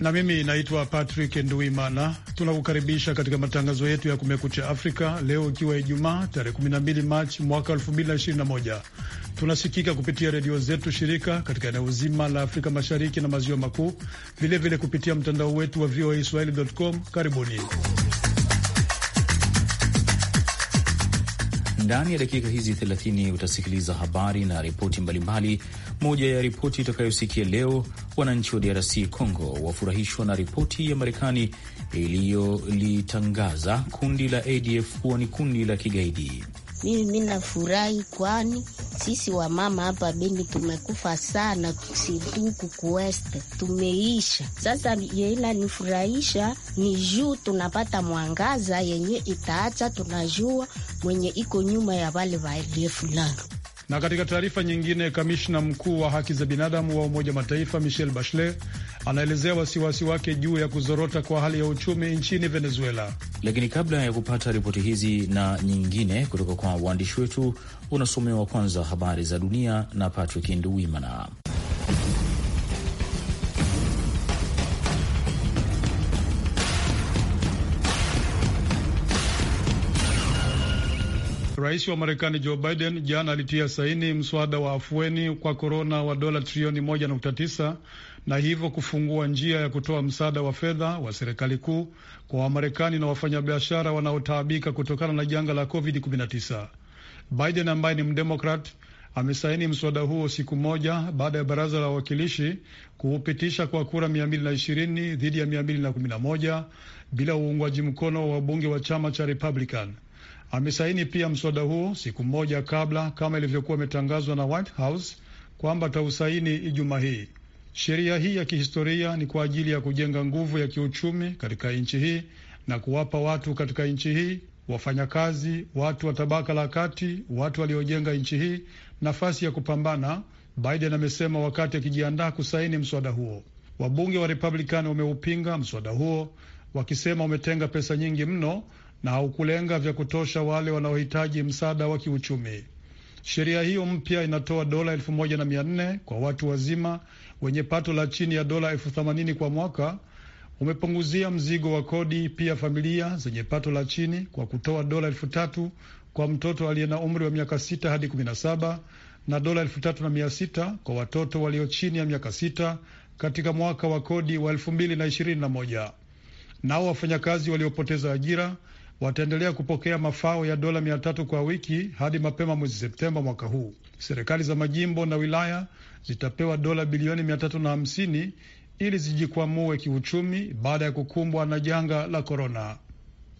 na mimi naitwa Patrick Nduimana. Tunakukaribisha katika matangazo yetu ya Kumekucha Afrika leo ikiwa Ijumaa tarehe 12 Machi mwaka 2021. Tunasikika kupitia redio zetu shirika katika eneo zima la Afrika Mashariki na Maziwa Makuu, vilevile kupitia mtandao wetu wa VOA Swahili.com. Karibuni. Ndani ya dakika hizi 30 utasikiliza habari na ripoti mbalimbali. Moja ya ripoti itakayosikia leo, wananchi wa DRC Congo wafurahishwa na ripoti ya Marekani iliyolitangaza kundi la ADF kuwa ni kundi la kigaidi. Mimi nafurahi, kwani sisi wamama hapa Beni tumekufa sana, situku kuweste tumeisha. Sasa yeila nifurahisha ni juu tunapata mwangaza yenye itaacha tunajua mwenye iko nyuma ya wale waelie fulani. Na katika taarifa nyingine, kamishna mkuu wa haki za binadamu wa Umoja Mataifa Michelle Bachelet anaelezea wasiwasi wake juu ya kuzorota kwa hali ya uchumi nchini Venezuela. Lakini kabla ya kupata ripoti hizi na nyingine kutoka kwa waandishi wetu, unasomewa kwanza habari za dunia na Patrick Nduwimana. Rais wa Marekani Joe Biden jana alitia saini mswada wa afueni kwa korona wa dola trilioni 1.9 na hivyo kufungua njia ya kutoa msaada wa fedha wa serikali kuu kwa Wamarekani na wafanyabiashara wanaotaabika kutokana na janga la COVID-19. Biden ambaye ni Mdemokrat amesaini mswada huo siku moja baada ya baraza la wawakilishi kuupitisha kwa kura 220 dhidi ya 211 bila uungwaji mkono wa wabunge wa chama cha Republican. Amesaini pia mswada huo siku moja kabla kama ilivyokuwa imetangazwa na White House kwamba atausaini Ijumaa hii. Sheria hii ya kihistoria ni kwa ajili ya kujenga nguvu ya kiuchumi katika nchi hii na kuwapa watu katika nchi hii, wafanyakazi, watu wa tabaka la kati, watu waliojenga nchi hii nafasi ya kupambana, Biden amesema wakati akijiandaa kusaini mswada huo. Wabunge wa Republican wameupinga mswada huo wakisema umetenga pesa nyingi mno na haukulenga vya kutosha wale wanaohitaji msaada wa kiuchumi. Sheria hiyo mpya inatoa dola elfu moja na mia nne kwa watu wazima wenye pato la chini ya dola elfu themanini kwa mwaka. Umepunguzia mzigo wa kodi pia familia zenye pato la chini kwa kutoa dola elfu tatu kwa mtoto aliye na umri wa miaka sita hadi kumi na saba na dola elfu tatu na mia sita kwa watoto walio chini ya miaka sita katika mwaka wa kodi wa elfu mbili na ishirini na moja. Nao wafanyakazi waliopoteza ajira wataendelea kupokea mafao ya dola mia tatu kwa wiki hadi mapema mwezi Septemba mwaka huu. Serikali za majimbo na wilaya zitapewa dola bilioni mia tatu na hamsini ili zijikwamue kiuchumi baada ya kukumbwa na janga la korona.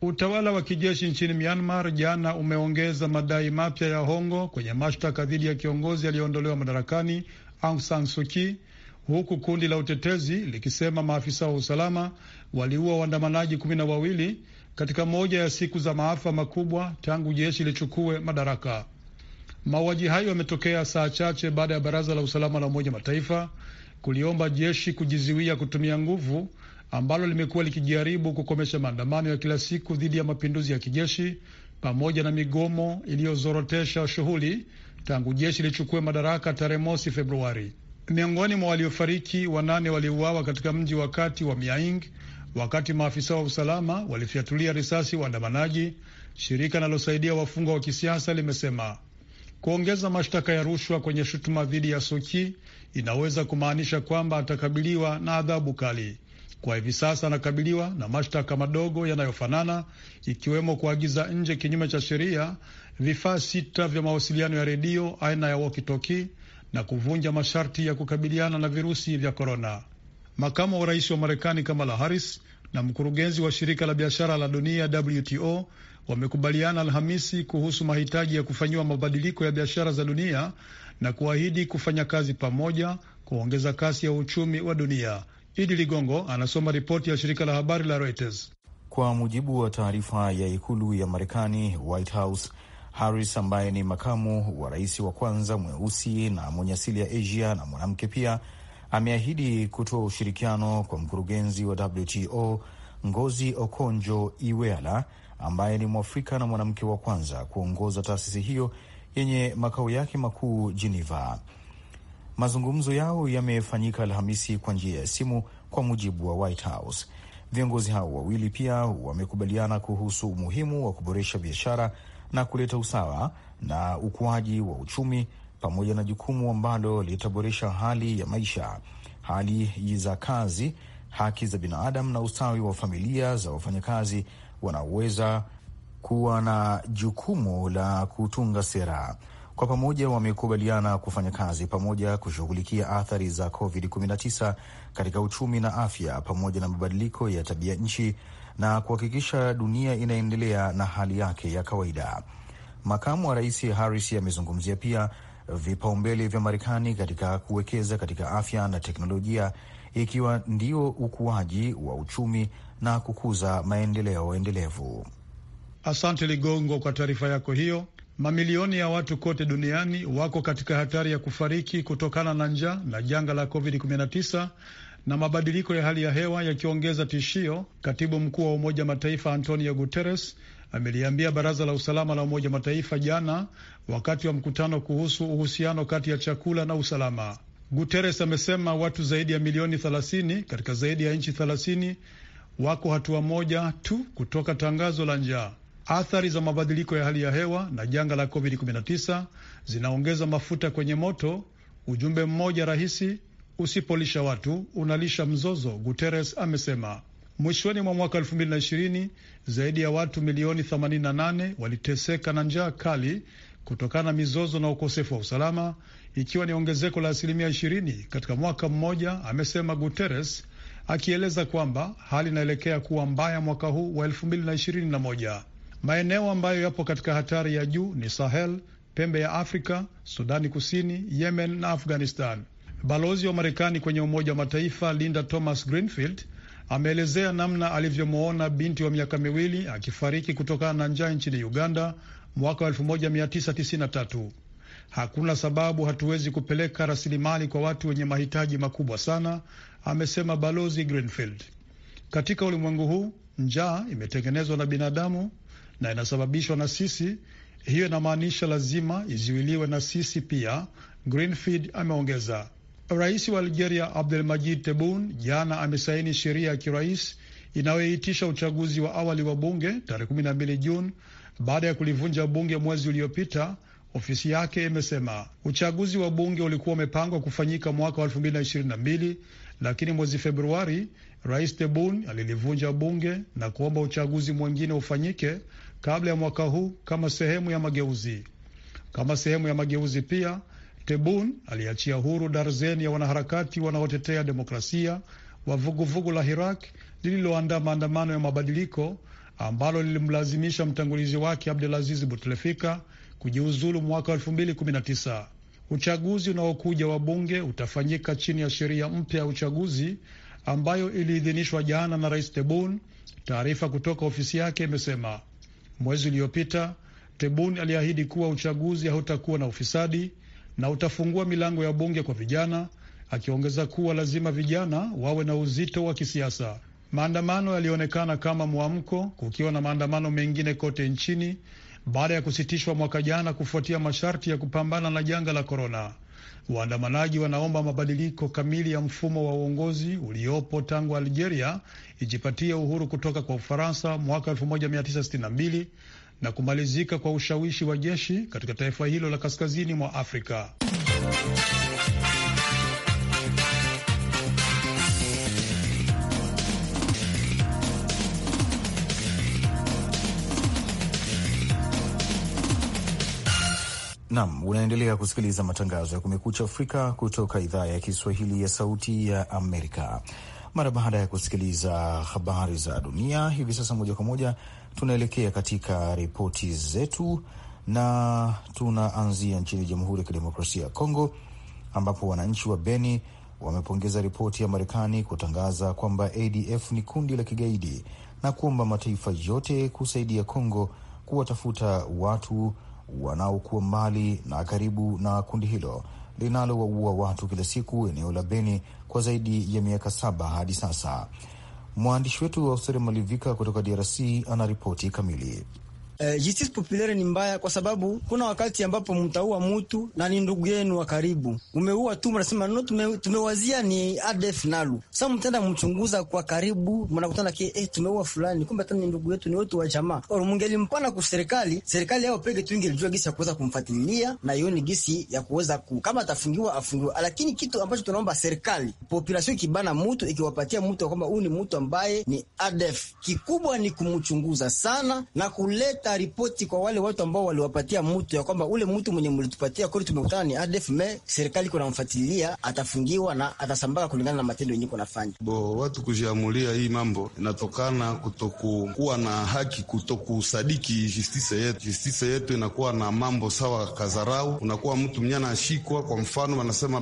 Utawala wa kijeshi nchini Myanmar jana umeongeza madai mapya ya hongo kwenye mashtaka dhidi ya kiongozi aliyeondolewa madarakani Aung San Suu Kyi huku kundi la utetezi likisema maafisa wa usalama waliua waandamanaji kumi na wawili katika moja ya siku za maafa makubwa tangu jeshi lichukue madaraka. Mauaji hayo yametokea saa chache baada ya baraza la usalama la Umoja Mataifa kuliomba jeshi kujizuia kutumia nguvu, ambalo limekuwa likijaribu kukomesha maandamano ya kila siku dhidi ya mapinduzi ya kijeshi pamoja na migomo iliyozorotesha shughuli tangu jeshi lichukue madaraka tarehe mosi Februari. Miongoni mwa waliofariki wanane waliuawa katika mji wa kati wa Miaing wakati maafisa wa usalama walifyatulia risasi waandamanaji, shirika linalosaidia wafungwa wa kisiasa limesema. Kuongeza mashtaka ya rushwa kwenye shutuma dhidi ya Soki inaweza kumaanisha kwamba atakabiliwa na adhabu kali. Kwa hivi sasa anakabiliwa na mashtaka madogo yanayofanana, ikiwemo kuagiza nje kinyume cha sheria vifaa sita vya mawasiliano ya redio aina ya walkie-talkie na kuvunja masharti ya kukabiliana na virusi vya korona. Makamu wa rais wa Marekani Kamala Harris na mkurugenzi wa shirika la biashara la dunia WTO wamekubaliana Alhamisi kuhusu mahitaji ya kufanyiwa mabadiliko ya biashara za dunia na kuahidi kufanya kazi pamoja kuongeza kasi ya uchumi wa dunia. Idi Ligongo anasoma ripoti ya shirika la habari la Reuters. Kwa mujibu wa taarifa ya ikulu ya Marekani, White House Harris ambaye ni makamu wa rais wa kwanza mweusi na mwenye asili ya Asia na mwanamke pia ameahidi kutoa ushirikiano kwa mkurugenzi wa WTO Ngozi Okonjo Iweala ambaye ni Mwafrika na mwanamke wa kwanza kuongoza taasisi hiyo yenye makao yake makuu Geneva. Mazungumzo yao yamefanyika Alhamisi kwa njia ya simu, kwa mujibu wa White House. Viongozi hao wawili pia wamekubaliana kuhusu umuhimu wa kuboresha biashara na kuleta usawa na ukuaji wa uchumi pamoja na jukumu ambalo litaboresha hali ya maisha, hali za kazi, haki za binadamu na ustawi wa familia za wafanyakazi wanaoweza kuwa na jukumu la kutunga sera. Kwa pamoja wamekubaliana kufanya kazi pamoja kushughulikia athari za COVID-19 katika uchumi na afya pamoja na mabadiliko ya tabia nchi na kuhakikisha dunia inaendelea na hali yake ya kawaida. Makamu wa rais Harris amezungumzia pia vipaumbele vya Marekani katika kuwekeza katika afya na teknolojia, ikiwa ndio ukuaji wa uchumi na kukuza maendeleo endelevu. Asante Ligongo kwa taarifa yako hiyo. Mamilioni ya watu kote duniani wako katika hatari ya kufariki kutokana na njaa na janga la COVID-19 na mabadiliko ya hali ya hewa yakiongeza tishio, katibu mkuu wa Umoja Mataifa Antonio Guterres ameliambia Baraza la Usalama la Umoja Mataifa jana wakati wa mkutano kuhusu uhusiano kati ya chakula na usalama. Guterres amesema watu zaidi ya milioni 30 katika zaidi ya nchi 30 wako hatua moja tu kutoka tangazo la njaa. Athari za mabadiliko ya hali ya hewa na janga la COVID-19 zinaongeza mafuta kwenye moto. Ujumbe mmoja rahisi Usipolisha watu unalisha mzozo, Guterres amesema. Mwishoni mwa mwaka 2020 zaidi ya watu milioni 88 waliteseka na njaa kali kutokana na mizozo na ukosefu wa usalama, ikiwa ni ongezeko la asilimia 20 katika mwaka mmoja, amesema Guterres, akieleza kwamba hali inaelekea kuwa mbaya mwaka huu wa 2021. Maeneo ambayo yapo katika hatari ya juu ni Sahel, pembe ya Afrika, Sudani Kusini, Yemen na Afghanistan. Balozi wa Marekani kwenye Umoja wa Mataifa Linda Thomas Greenfield ameelezea namna alivyomwona binti wa miaka miwili akifariki kutokana na njaa nchini Uganda mwaka wa 1993. Hakuna sababu hatuwezi kupeleka rasilimali kwa watu wenye mahitaji makubwa sana, amesema balozi Greenfield. Katika ulimwengu huu njaa imetengenezwa na binadamu na inasababishwa na sisi. Hiyo inamaanisha lazima iziwiliwe na sisi pia, Greenfield ameongeza. Rais wa Algeria majid tebun jana amesaini sheria ya kirais inayoitisha uchaguzi wa awali wa bunge tarehe 12 Juni baada ya kulivunja bunge mwezi uliopita. Ofisi yake imesema uchaguzi wa bunge ulikuwa umepangwa kufanyika mwaka wa 2022 lakini mwezi Februari Rais tebun alilivunja bunge na kuomba uchaguzi mwingine ufanyike kabla ya mwaka huu kama sehemu ya mageuzi. Kama sehemu ya mageuzi pia Tebun aliachia huru darzeni ya wanaharakati wanaotetea demokrasia wa vuguvugu la Hirak lililoandaa maandamano ya mabadiliko ambalo lilimlazimisha mtangulizi wake Abdulaziz Butlefika kujiuzulu mwaka 2019. Uchaguzi unaokuja wa bunge utafanyika chini ya sheria mpya ya uchaguzi ambayo iliidhinishwa jana na Rais Tebun. Taarifa kutoka ofisi yake imesema mwezi uliopita Tebun aliahidi kuwa uchaguzi hautakuwa na ufisadi na utafungua milango ya bunge kwa vijana, akiongeza kuwa lazima vijana wawe na uzito wa kisiasa. Maandamano yalionekana kama mwamko, kukiwa na maandamano mengine kote nchini baada ya kusitishwa mwaka jana kufuatia masharti ya kupambana na janga la korona. Waandamanaji wanaomba mabadiliko kamili ya mfumo wa uongozi uliopo tangu Algeria ijipatie uhuru kutoka kwa Ufaransa mwaka na kumalizika kwa ushawishi wa jeshi katika taifa hilo la kaskazini mwa Afrika. Nam, unaendelea kusikiliza matangazo ya Kumekucha Afrika kutoka idhaa ya Kiswahili ya Sauti ya Amerika. Mara baada ya kusikiliza habari za dunia, hivi sasa moja kwa moja tunaelekea katika ripoti zetu na tunaanzia nchini Jamhuri ya Kidemokrasia ya Kongo ambapo wananchi wa Beni wamepongeza ripoti ya Marekani kutangaza kwamba ADF ni kundi la kigaidi na kuomba mataifa yote kusaidia Kongo kuwatafuta watu wanaokuwa mbali na karibu na kundi hilo linalowaua watu kila siku eneo la Beni kwa zaidi ya miaka saba hadi sasa. Mwandishi wetu wa Hosteri Malivika kutoka DRC anaripoti kamili. Eh, justice populaire ni mbaya kwa sababu kuna wakati ambapo mtaua mtu na ni ndugu yenu wa karibu, umeua tu, mnasema no, tume, tumewazia ni ADF nalu. Sasa mtenda mchunguza kwa karibu, mnakutana ki eh, tumeua fulani, kumbe hata ni ndugu yetu, ni watu wa jamaa. Au mngelimpana kwa serikali, serikali yao pege tu ingelijua gisi ya kuweza kumfuatilia na ione gisi ya kuweza ku, kama atafungiwa afungiwa. Lakini kitu ambacho tunaomba serikali, population ikibana mtu, ikiwapatia mtu kwamba huyu ni mtu ambaye ni ADF, kikubwa ni kumchunguza sana na kuleta hata ripoti kwa wale watu ambao waliwapatia mtu ya kwamba ule mtu mwenye mlitupatia kweli tumekutana ni adf me serikali iko atafungiwa na atasambaka kulingana na matendo yenyewe kunafanya. Bo, watu kujiamulia hii mambo inatokana kutokuwa na haki, kutokusadiki justice yetu. Justice yetu inakuwa na mambo sawa kazarau, unakuwa mtu mnyana ashikwa, kwa mfano wanasema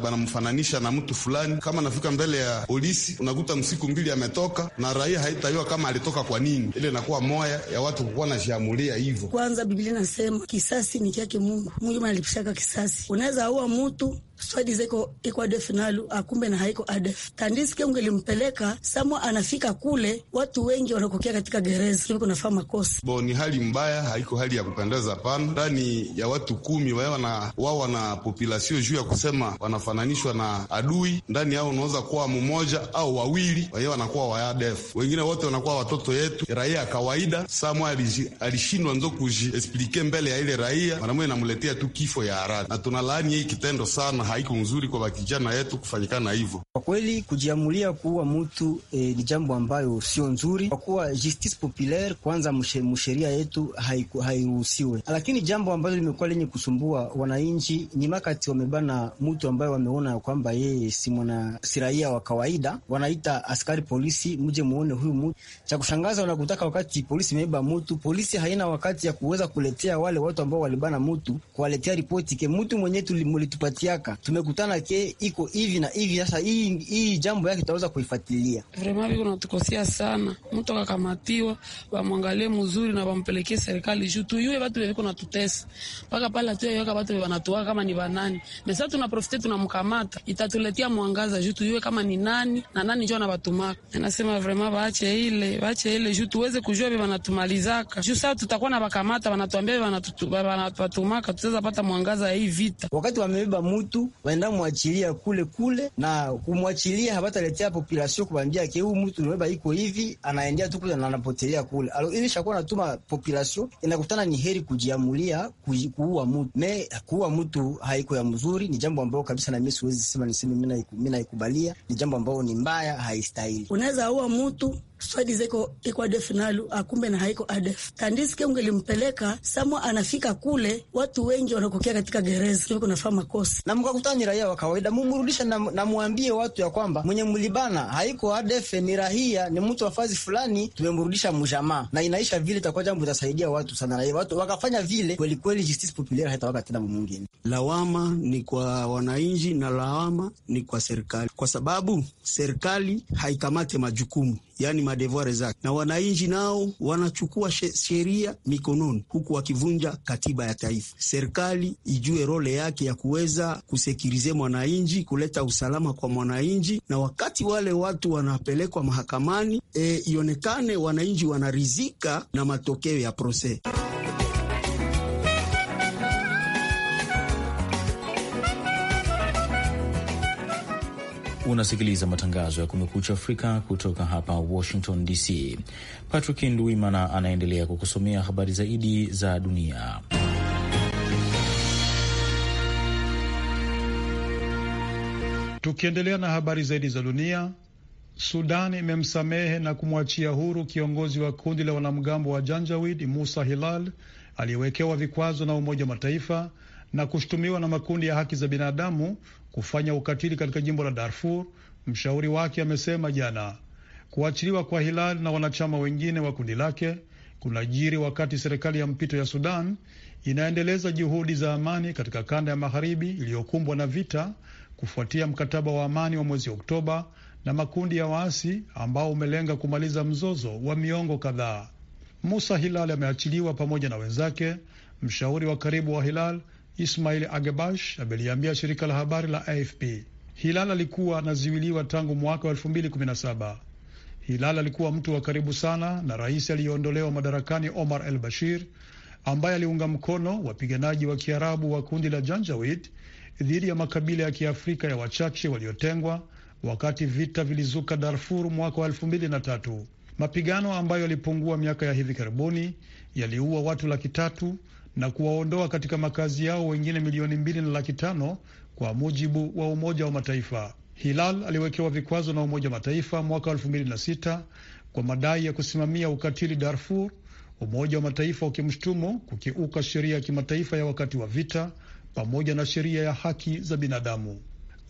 banamfananisha bana na mtu fulani, kama nafika mbele ya polisi unakuta msiku mbili ametoka na raia haitaiwa kama alitoka kwa nini, ile inakuwa moya ya watu anakuwa anashamulia hivyo. Kwanza Biblia inasema kisasi ni chake Mungu. Mungu alipishaka kisasi, unaweza aua mutu swadi zeko iko ade finalu akumbe ah, na haiko adef tandisike ungelimpeleka samwa anafika kule, watu wengi wanakokea katika gereza hivyo kunafaa makosa bo. Ni hali mbaya, haiko hali ya kupendeza pana. Ndani ya watu kumi wao wana wao wana populasio juu ya kusema wanafananishwa na adui. Ndani yao unaweza kuwa mmoja au wawili, wao wanakuwa wa adef, wengine wote wanakuwa watoto yetu raia ya kawaida. Samwa alishindwa nzo kujiesplike mbele ya ile raia, mwanamwe inamletea tu kifo ya haraka, na tunalaani hii kitendo sana haiko nzuri kwa wakijana yetu kufanyikana hivyo. Kwa kweli kujiamulia kuua mtu e, eh, ni jambo ambayo sio nzuri, kwa kuwa justice populaire kwanza msheria yetu hairuhusiwe. Lakini jambo ambalo limekuwa lenye kusumbua wananchi ni makati wamebana mtu ambaye wameona kwamba yeye si mwana si raia wa kawaida, wanaita askari polisi, mje muone huyu mtu. Cha kushangaza wanakutaka wakati polisi imeiba mtu, polisi haina wakati ya kuweza kuletea wale watu ambao walibana mtu kuwaletea ripoti ke mtu mwenyewe tulimulitupatiaka tumekutana ke iko hivi na hivi. Sasa hii hii jambo yake tutaweza kuifuatilia vraiment. Biko unatukosea sana, mtu akakamatiwa bamwangalie mzuri na wampelekee serikali juu tuyue watu biko natutesa mpaka pala tu yoka watu wanatuaga kama ni banani. Sasa tunaprofite tunamkamata, itatuletea mwangaza juu tuyue kama ni nani na nani njoo anabatumaka. Anasema vraiment baache ile baache ile juu tuweze kujua bibi wanatumalizaka juu sasa tutakuwa na bakamata wanatuambia wanatutumaka, tutaweza pata mwangaza ya hii vita wakati wamebeba mtu waenda mwachilia kule kule, na kumwachilia hawataletea populasio kubambia ke huyu mtu nweba iko hivi, anaendea tu kule na anapotelea kule. Alo ili shakuwa natuma populasio inakutana, ni heri kujiamulia kuua mtu me kuua mtu haiko ya mzuri, ni jambo ambao kabisa nami siwezi sema niseme mi naikubalia, ni jambo ambao ni mbaya, haistahili. Unaweza ua mtu swali zeko iko adef nalu akumbe ah, na haiko ADF kandiske ungelimpeleka samwa, anafika kule watu wengi wanakokea katika gereza hivyo kunafaa makosa, na mkakutani raia wa kawaida mumurudisha na, na muambie watu ya kwamba mwenye mlibana haiko ADF ni rahia, ni mtu wa fazi fulani, tumemrudisha mjamaa na inaisha vile, itakuwa jambo itasaidia watu sana, raia watu wakafanya vile kweli kweli, justice populaire haitawaka tena mwingine. Lawama ni kwa wananchi na lawama ni kwa serikali, kwa sababu serikali haikamate majukumu yani madevoir zake, na wananchi nao wanachukua sheria mikononi, huku wakivunja katiba ya taifa. Serikali ijue role yake ya kuweza kusekirize mwananchi, kuleta usalama kwa mwananchi, na wakati wale watu wanapelekwa mahakamani, e, ionekane wananchi wanarizika na matokeo ya proses. Unasikiliza matangazo ya Kumekucha Afrika kutoka hapa Washington DC. Patrick Nduimana anaendelea kukusomea habari zaidi za dunia. Tukiendelea na habari zaidi za dunia, Sudan imemsamehe na kumwachia huru kiongozi wa kundi la wanamgambo wa Janjawid Musa Hilal aliyewekewa vikwazo na Umoja wa Mataifa na kushutumiwa na makundi ya haki za binadamu kufanya ukatili katika jimbo la Darfur, mshauri wake amesema jana. Kuachiliwa kwa Hilal na wanachama wengine wa kundi lake kunajiri wakati serikali ya mpito ya Sudan inaendeleza juhudi za amani katika kanda ya magharibi iliyokumbwa na vita kufuatia mkataba wa amani wa mwezi Oktoba na makundi ya waasi ambao umelenga kumaliza mzozo wa miongo kadhaa. Musa Hilal ameachiliwa pamoja na wenzake. Mshauri wa karibu wa Hilal Ismail Agebash ameliambia shirika la habari la AFP. Hilal alikuwa anaziwiliwa tangu mwaka wa 2017. Hilal alikuwa mtu wa karibu sana na rais aliyeondolewa madarakani Omar El Bashir, ambaye aliunga mkono wapiganaji wa Kiarabu wa kundi la Janjawid dhidi ya makabila ya Kiafrika ya wachache waliotengwa wakati vita vilizuka Darfur mwaka wa 2003. Mapigano ambayo yalipungua miaka ya hivi karibuni yaliua watu laki tatu na kuwaondoa katika makazi yao wengine milioni mbili na laki tano kwa mujibu wa Umoja wa Mataifa. Hilal aliwekewa vikwazo na Umoja wa Mataifa mwaka sita kwa madai ya kusimamia ukatili Darfur, Umoja wa Mataifa ukimshtumu kukiuka sheria ya kimataifa ya wakati wa vita pamoja na sheria ya haki za binadamu.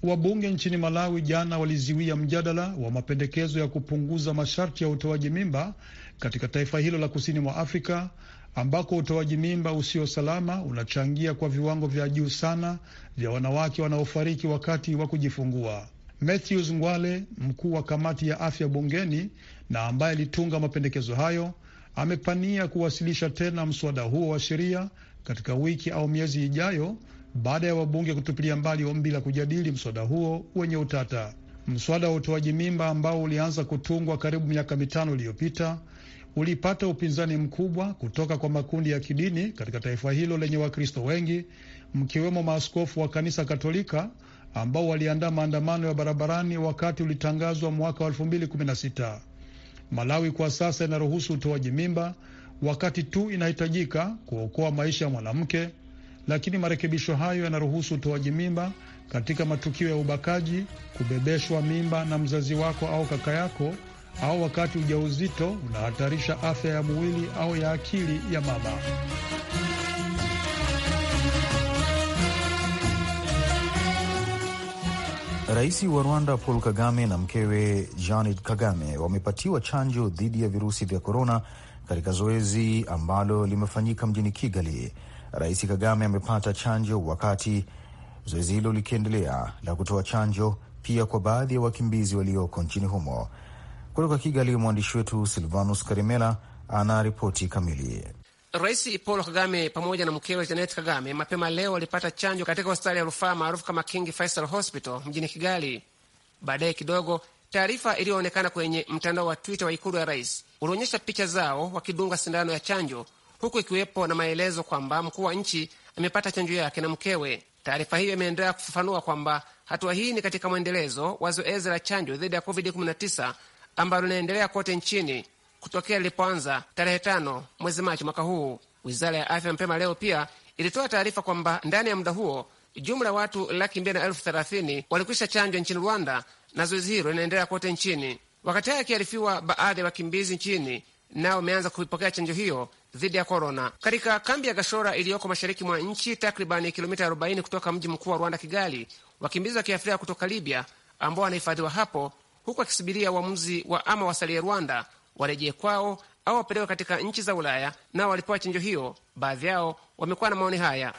Wabunge nchini Malawi jana waliziwia mjadala wa mapendekezo ya kupunguza masharti ya utoaji mimba katika taifa hilo la kusini mwa Afrika ambako utoaji mimba usio salama unachangia kwa viwango vya juu sana vya wanawake wanaofariki wakati wa kujifungua. Matthews Ngwale, mkuu wa kamati ya afya bungeni na ambaye alitunga mapendekezo hayo, amepania kuwasilisha tena mswada huo wa sheria katika wiki au miezi ijayo baada ya wabunge kutupilia mbali ombi la kujadili mswada huo wenye utata. Mswada wa utoaji mimba ambao ulianza kutungwa karibu miaka mitano iliyopita ulipata upinzani mkubwa kutoka kwa makundi ya kidini katika taifa hilo lenye Wakristo wengi, mkiwemo maaskofu wa kanisa Katolika ambao waliandaa maandamano ya barabarani wakati ulitangazwa mwaka wa 2016. Malawi kwa sasa inaruhusu utoaji mimba wakati tu inahitajika kuokoa maisha ya mwanamke lakini marekebisho hayo yanaruhusu utoaji mimba katika matukio ya ubakaji, kubebeshwa mimba na mzazi wako au kaka yako, au wakati ujauzito unahatarisha afya ya mwili au ya akili ya mama. Rais wa Rwanda Paul Kagame na mkewe Janet Kagame wamepatiwa chanjo dhidi ya virusi vya korona katika zoezi ambalo limefanyika mjini Kigali. Rais Kagame amepata chanjo wakati zoezi hilo likiendelea la kutoa chanjo pia kwa baadhi ya wakimbizi walioko nchini humo. Kutoka Kigali, mwandishi wetu Silvanus Karimela ana ripoti kamili. Rais Paul Kagame pamoja na mkewe Janet Kagame mapema leo walipata chanjo katika hospitali ya rufaa maarufu kama King Faisal Hospital mjini Kigali. Baadaye kidogo, taarifa iliyoonekana kwenye mtandao wa Twitter wa ikulu ya rais ulionyesha picha zao wakidunga sindano ya chanjo huku ikiwepo na maelezo kwamba mkuu wa nchi amepata chanjo yake na mkewe. Taarifa hiyo imeendelea kufafanua kwamba hatua hii ni katika mwendelezo wa zoezi la chanjo dhidi ya COVID-19 ambalo linaendelea kote nchini kutokea lilipoanza tarehe tano mwezi Machi mwaka huu. Wizara ya afya mapema leo pia ilitoa taarifa kwamba ndani ya muda huo jumla ya watu laki mbili na elfu thelathini walikwisha chanjwa nchini Rwanda, na zoezi hilo linaendelea kote nchini. Wakati hayo akiarifiwa, baadhi ya wakimbizi nchini nao wameanza kuipokea chanjo hiyo dhidi ya korona katika kambi ya Gashora iliyoko mashariki mwa nchi, takribani kilomita 40 kutoka mji mkuu wa Rwanda, Kigali. Wakimbizi wa kiafrika kutoka Libya ambao wanahifadhiwa hapo huku wakisubiria uamuzi wa ama wasalie Rwanda, warejee kwao au wapelekwe katika nchi za Ulaya. Nao walipewa chanjo hiyo. Baadhi yao wamekuwa na maoni haya: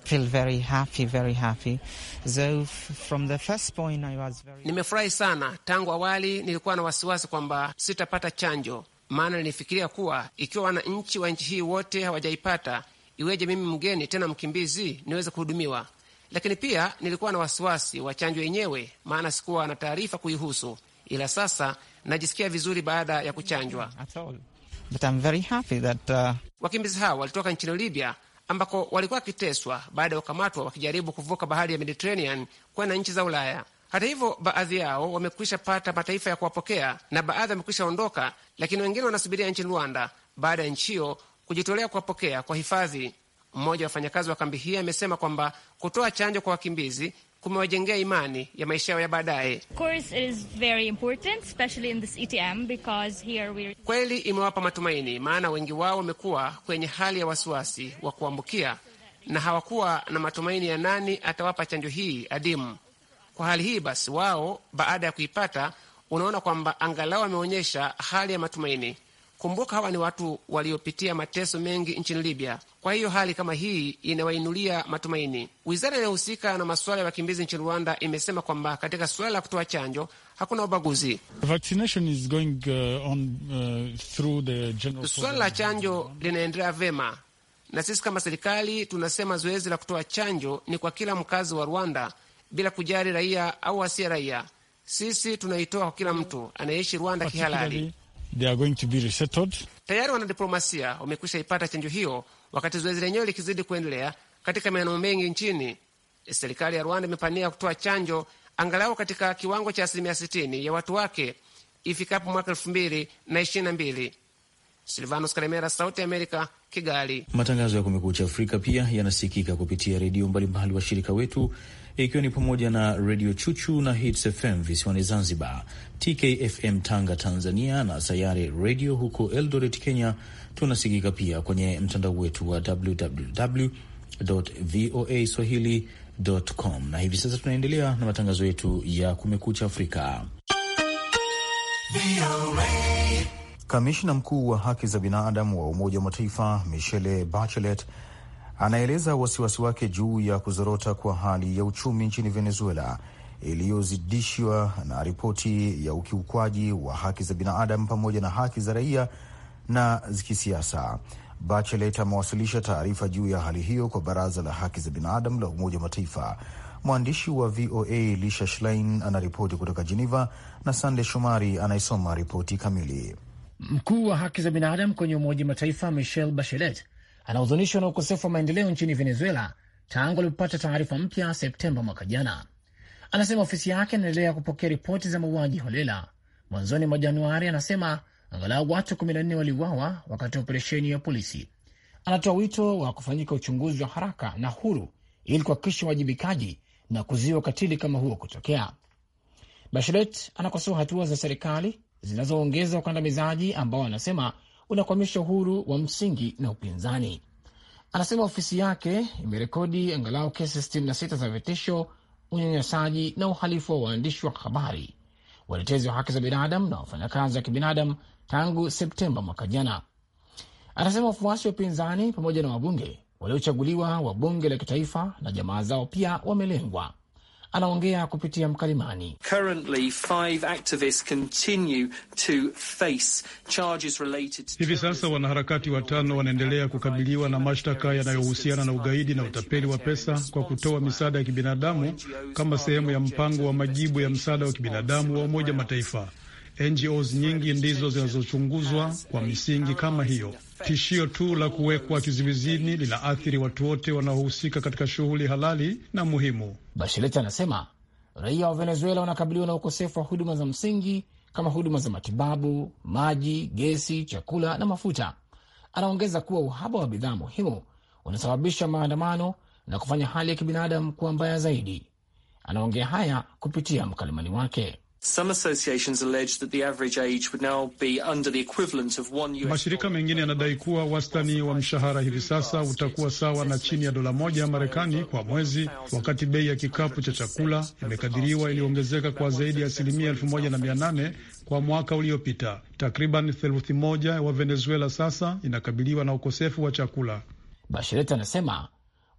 nimefurahi sana. Tangu awali nilikuwa na wasiwasi kwamba sitapata chanjo maana nilifikiria kuwa ikiwa wananchi wa nchi hii wote hawajaipata, iweje mimi mgeni tena mkimbizi niweze kuhudumiwa? Lakini pia nilikuwa na wasiwasi wa chanjo yenyewe, maana sikuwa na taarifa kuihusu, ila sasa najisikia vizuri baada ya kuchanjwa. That, uh... wakimbizi hao walitoka nchini Libya ambako walikuwa wakiteswa baada ya kukamatwa wakijaribu kuvuka bahari ya Mediterranean kwenda nchi za Ulaya. Hata hivyo, baadhi yao wamekwisha pata mataifa ya kuwapokea na baadhi wamekwisha ondoka, lakini wengine wanasubiria nchini Rwanda baada ya nchi hiyo kujitolea kuwapokea kwa hifadhi. Mmoja wa wafanyakazi wa kambi hii amesema kwamba kutoa chanjo kwa wakimbizi kumewajengea imani ya maisha yao ya baadaye. E Kweli imewapa matumaini, maana wengi wao wamekuwa kwenye hali ya wasiwasi wa kuambukia na hawakuwa na matumaini ya nani atawapa chanjo hii adimu. Kwa hali hii basi, wao baada ya kuipata, unaona kwamba angalau wameonyesha hali ya matumaini. Kumbuka hawa ni watu waliopitia mateso mengi nchini Libya. Kwa hiyo hali kama hii inawainulia matumaini. Wizara inayohusika na masuala ya wakimbizi nchini Rwanda imesema kwamba katika suala la kutoa chanjo hakuna ubaguzi. Uh, uh, suala la chanjo linaendelea vema, na sisi kama serikali tunasema zoezi la kutoa chanjo ni kwa kila mkazi wa Rwanda bila kujali raia au asiye raia. Sisi tunaitoa kwa kila mtu anayeishi Rwanda kihalali. Tayari wanadiplomasia wamekwisha ipata chanjo hiyo, wakati zoezi lenyewe likizidi kuendelea katika maeneo mengi nchini. Serikali ya Rwanda imepania kutoa chanjo angalau katika kiwango cha asilimia 6 ya watu wake ifikapo mwaka elfu mbili na ishirini na mbili. Silvanos Karemera, Sauti ya Amerika, Kigali. Matangazo ya Kumekucha Afrika pia yanasikika kupitia redio mbalimbali washirika wetu, ikiwa ni pamoja na Redio Chuchu na Hits FM visiwani Zanzibar, TKFM Tanga Tanzania, na Sayare Redio huko Eldoret, Kenya. Tunasikika pia kwenye mtandao wetu wa www voa swahili.com, na hivi sasa tunaendelea na matangazo yetu ya Kumekucha Afrika. Kamishna mkuu wa haki za binadamu wa Umoja wa Mataifa Michelle Bachelet anaeleza wasiwasi wake juu ya kuzorota kwa hali ya uchumi nchini Venezuela iliyozidishwa na ripoti ya ukiukwaji wa haki za binadamu pamoja na haki za raia na kisiasa. Bachelet amewasilisha taarifa juu ya hali hiyo kwa Baraza la Haki za Binadamu la Umoja wa Mataifa. Mwandishi wa VOA Lisha Schlein anaripoti kutoka Jeneva na Sande Shomari anayesoma ripoti kamili. Mkuu wa haki za binadamu kwenye Umoja Mataifa michel Bachelet anahuzunishwa na ukosefu wa maendeleo nchini Venezuela tangu alipopata taarifa mpya Septemba mwaka jana. Anasema ofisi yake inaendelea kupokea ripoti za mauaji holela. Mwanzoni mwa Januari, anasema angalau watu 14 waliuawa wakati wa operesheni ya polisi. Anatoa wito wa kufanyika uchunguzi wa haraka na huru ili kuhakikisha uwajibikaji na kuzuia ukatili kama huo kutokea. Bachelet anakosoa hatua za serikali zinazoongeza ukandamizaji ambao anasema unakwamisha uhuru wa msingi na upinzani. Anasema ofisi yake imerekodi angalau kesi 66 za vitisho, unyanyasaji na uhalifu wa waandishi wa habari, watetezi wa haki za binadamu na wafanyakazi wa kibinadamu tangu Septemba mwaka jana. Anasema wafuasi wa upinzani pamoja na wabunge waliochaguliwa wa bunge la kitaifa na jamaa zao pia wamelengwa anaongea kupitia mkalimani. Hivi sasa wanaharakati watano wanaendelea kukabiliwa na mashtaka yanayohusiana na ugaidi na utapeli wa pesa kwa kutoa misaada ya kibinadamu kama sehemu ya mpango wa majibu ya msaada wa kibinadamu wa Umoja Mataifa. NGOs nyingi ndizo zinazochunguzwa kwa misingi kama hiyo. Tishio tu la kuwekwa kizuizini linaathiri watu wote wanaohusika katika shughuli halali na muhimu. Bachelet anasema raia wa Venezuela wanakabiliwa na ukosefu wa huduma za msingi kama huduma za matibabu, maji, gesi, chakula na mafuta. Anaongeza kuwa uhaba wa bidhaa muhimu unasababisha maandamano na kufanya hali ya kibinadamu kuwa mbaya zaidi. Anaongea haya kupitia mkalimani wake. Mashirika mengine yanadai kuwa wastani wa mshahara hivi sasa utakuwa sawa na chini ya dola moja ya Marekani kwa mwezi, wakati bei ya kikapu cha chakula imekadiriwa iliongezeka kwa zaidi ya asilimia elfu moja na mia nane kwa mwaka uliopita. Takriban theluthi moja wa Venezuela sasa inakabiliwa na ukosefu wa chakula. Bachelet anasema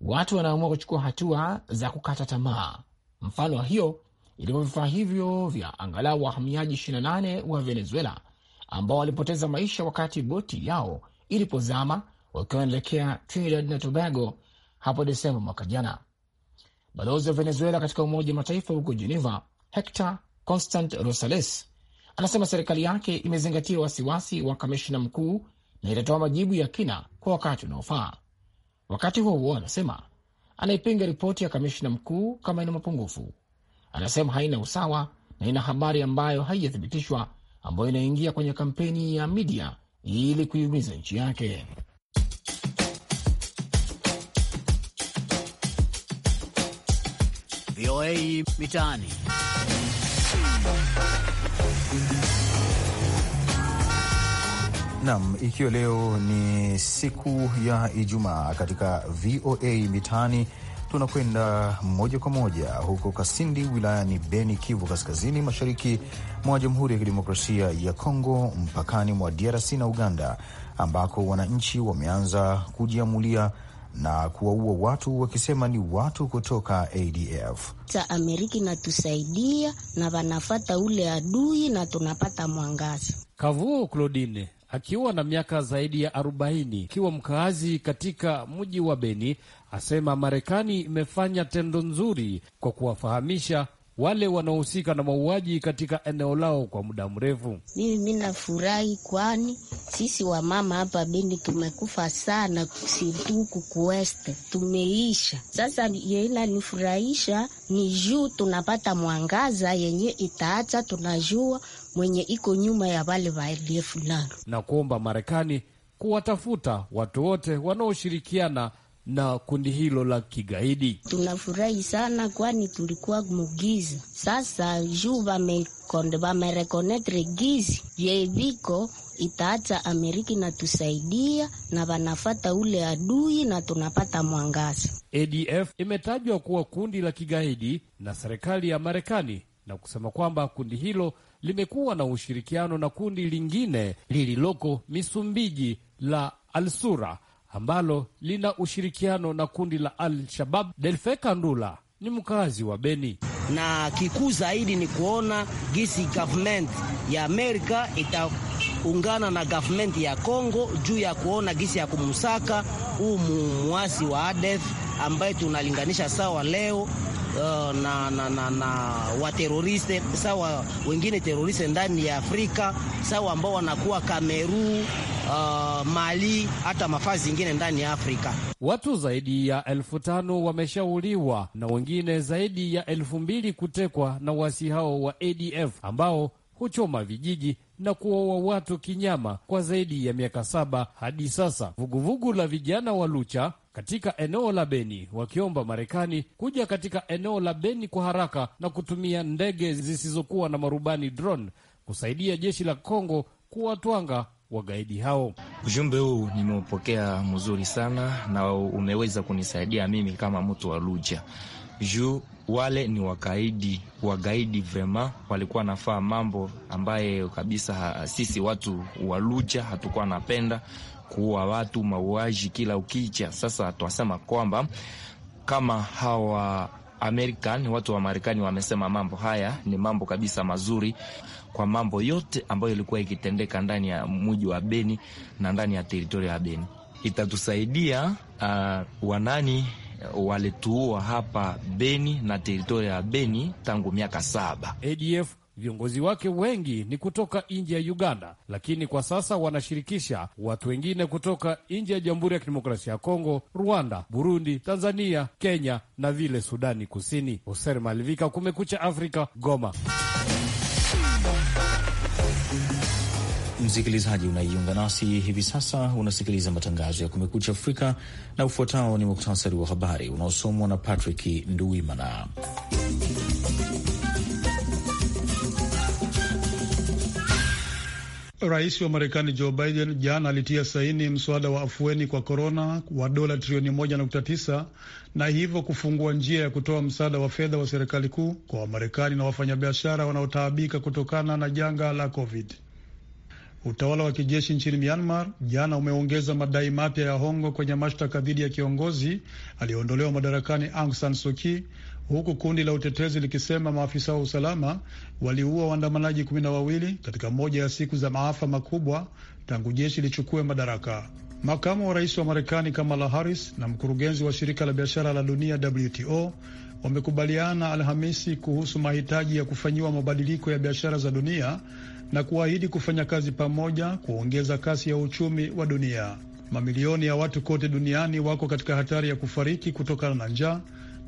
watu wanaamua kuchukua hatua za kukata tamaa. Mfano wa hiyo ilipo vifaa hivyo vya angalau wahamiaji 28 wa Venezuela ambao walipoteza maisha wakati boti yao ilipozama wakiwa wanaelekea Trinidad na Tobago hapo Desemba mwaka jana. Balozi wa Venezuela katika Umoja wa Mataifa huko Geneva, Hector Constant Rosales, anasema serikali yake imezingatia wasiwasi wa kamishna mkuu na itatoa majibu ya kina kwa wakati unaofaa. Wakati huo huo, anasema anaipinga ripoti ya kamishna mkuu kama ina mapungufu anasema haina usawa na ina habari ambayo haijathibitishwa ambayo inaingia kwenye kampeni ya midia ili kuiumiza nchi yake. VOA Mitaani. ikiwa leo ni siku ya Ijumaa katika VOA Mitaani tunakwenda moja kwa moja huko Kasindi wilayani Beni, Kivu Kaskazini, mashariki mwa Jamhuri ya Kidemokrasia ya Kongo, mpakani mwa DRC na Uganda, ambako wananchi wameanza kujiamulia na kuwaua watu wakisema ni watu kutoka ADF za Ameriki natusaidia na wanafata ule adui na tunapata mwangaza. Kavuo Claudine akiwa na miaka zaidi ya arobaini akiwa mkaazi katika mji wa Beni asema Marekani imefanya tendo nzuri kwa kuwafahamisha wale wanaohusika na mauaji katika eneo lao kwa muda mrefu. Mimi nafurahi, kwani sisi wamama hapa Beni tumekufa sana, situku kuweste tumeisha. Sasa yeina nifurahisha ni juu tunapata mwangaza yenye itaacha, tunajua mwenye iko nyuma ya wale waelie fulani, na kuomba Marekani kuwatafuta watu wote wanaoshirikiana na kundi hilo la kigaidi. Tunafurahi sana kwani tulikuwa mugizi sasa juu vamerekonetre gizi yeviko itaacha Ameriki tusaidia na vanafata ule adui na tunapata mwangaza. ADF imetajwa kuwa kundi la kigaidi na serikali ya Marekani na kusema kwamba kundi hilo limekuwa na ushirikiano na kundi lingine lililoko Misumbiji la Alsura ambalo lina ushirikiano na kundi la Al-Shabab. delfe kandula ni mkazi wa Beni na kikuu zaidi ni kuona gisi government ya Amerika itaungana na government ya Congo juu ya kuona gisi ya kumsaka huu muasi wa ADF ambaye tunalinganisha sawa leo uh, na, na, na, na wateroriste sawa wengine teroriste ndani ya Afrika sawa ambao wanakuwa Kameru Uh, mali hata mafaa zingine ndani ya Afrika. Watu zaidi ya elfu tano wameshauliwa na wengine zaidi ya elfu mbili kutekwa na wasi hao wa ADF ambao huchoma vijiji na kuwaua watu kinyama kwa zaidi ya miaka saba hadi sasa. Vuguvugu la vijana wa Lucha katika eneo la Beni wakiomba Marekani kuja katika eneo la Beni kwa haraka na kutumia ndege zisizokuwa na marubani drone kusaidia jeshi la Kongo kuwatwanga wagaidi hao. Ujumbe huu nimeupokea mzuri sana na umeweza kunisaidia mimi kama mtu wa Luja juu wale ni wakaidi, wagaidi vrema walikuwa nafaa mambo ambaye kabisa sisi watu wa Luja hatukuwa napenda kuua watu, mauaji kila ukicha. Sasa twasema kwamba kama hawa American watu wa Marekani wamesema mambo haya ni mambo kabisa mazuri kwa mambo yote ambayo ilikuwa ikitendeka ndani ya mji wa Beni na ndani ya teritoria ya Beni. Itatusaidia uh, wanani uh, walituua hapa Beni na teritoria ya Beni tangu miaka saba. ADF viongozi wake wengi ni kutoka nje ya Uganda, lakini kwa sasa wanashirikisha watu wengine kutoka nje ya Jamhuri ya Kidemokrasia ya Kongo, Rwanda, Burundi, Tanzania, Kenya na vile Sudani Kusini. Hoser Malivika, Kumekucha Afrika, Goma. Msikilizaji unaiunga nasi hivi sasa, unasikiliza matangazo ya Kumekucha Afrika na ufuatao ni muktasari wa habari unaosomwa na Patrick Nduwimana. Rais wa Marekani Joe Biden jana alitia saini mswada wa afueni kwa korona wa dola trilioni 1.9 na hivyo kufungua njia ya kutoa msaada wa fedha wa serikali kuu kwa Wamarekani na wafanyabiashara wanaotaabika kutokana na janga la COVID. Utawala wa kijeshi nchini Myanmar jana umeongeza madai mapya ya hongo kwenye mashtaka dhidi ya kiongozi aliyeondolewa madarakani Aung San Suu Kyi, huku kundi la utetezi likisema maafisa wa usalama waliua waandamanaji kumi na wawili katika moja ya siku za maafa makubwa tangu jeshi lichukue madaraka. Makamu wa rais wa Marekani Kamala Harris na mkurugenzi wa shirika la biashara la dunia WTO wamekubaliana Alhamisi kuhusu mahitaji ya kufanyiwa mabadiliko ya biashara za dunia na kuahidi kufanya kazi pamoja kuongeza kasi ya uchumi wa dunia. Mamilioni ya watu kote duniani wako katika hatari ya kufariki kutokana na njaa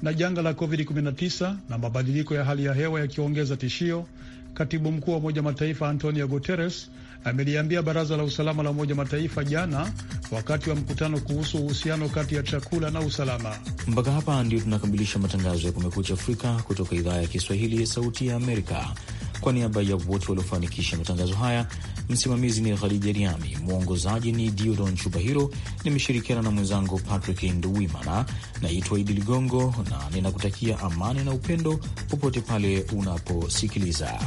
na janga la COVID-19 na mabadiliko ya hali ya hewa yakiongeza tishio. Katibu mkuu wa Umoja Mataifa Antonio Guterres ameliambia Baraza la Usalama la Umoja Mataifa jana wakati wa mkutano kuhusu uhusiano kati ya chakula na usalama. Mpaka hapa ndio tunakamilisha matangazo ya Kumekucha Afrika kutoka idhaa ya Kiswahili ya Sauti ya Amerika. Kwa niaba ya wote waliofanikisha matangazo haya, msimamizi ni Khadija Riami, mwongozaji ni Diodon Chubahiro. Nimeshirikiana na mwenzangu Patrick Nduwimana. Naitwa Idi Ligongo na ninakutakia amani na upendo popote pale unaposikiliza.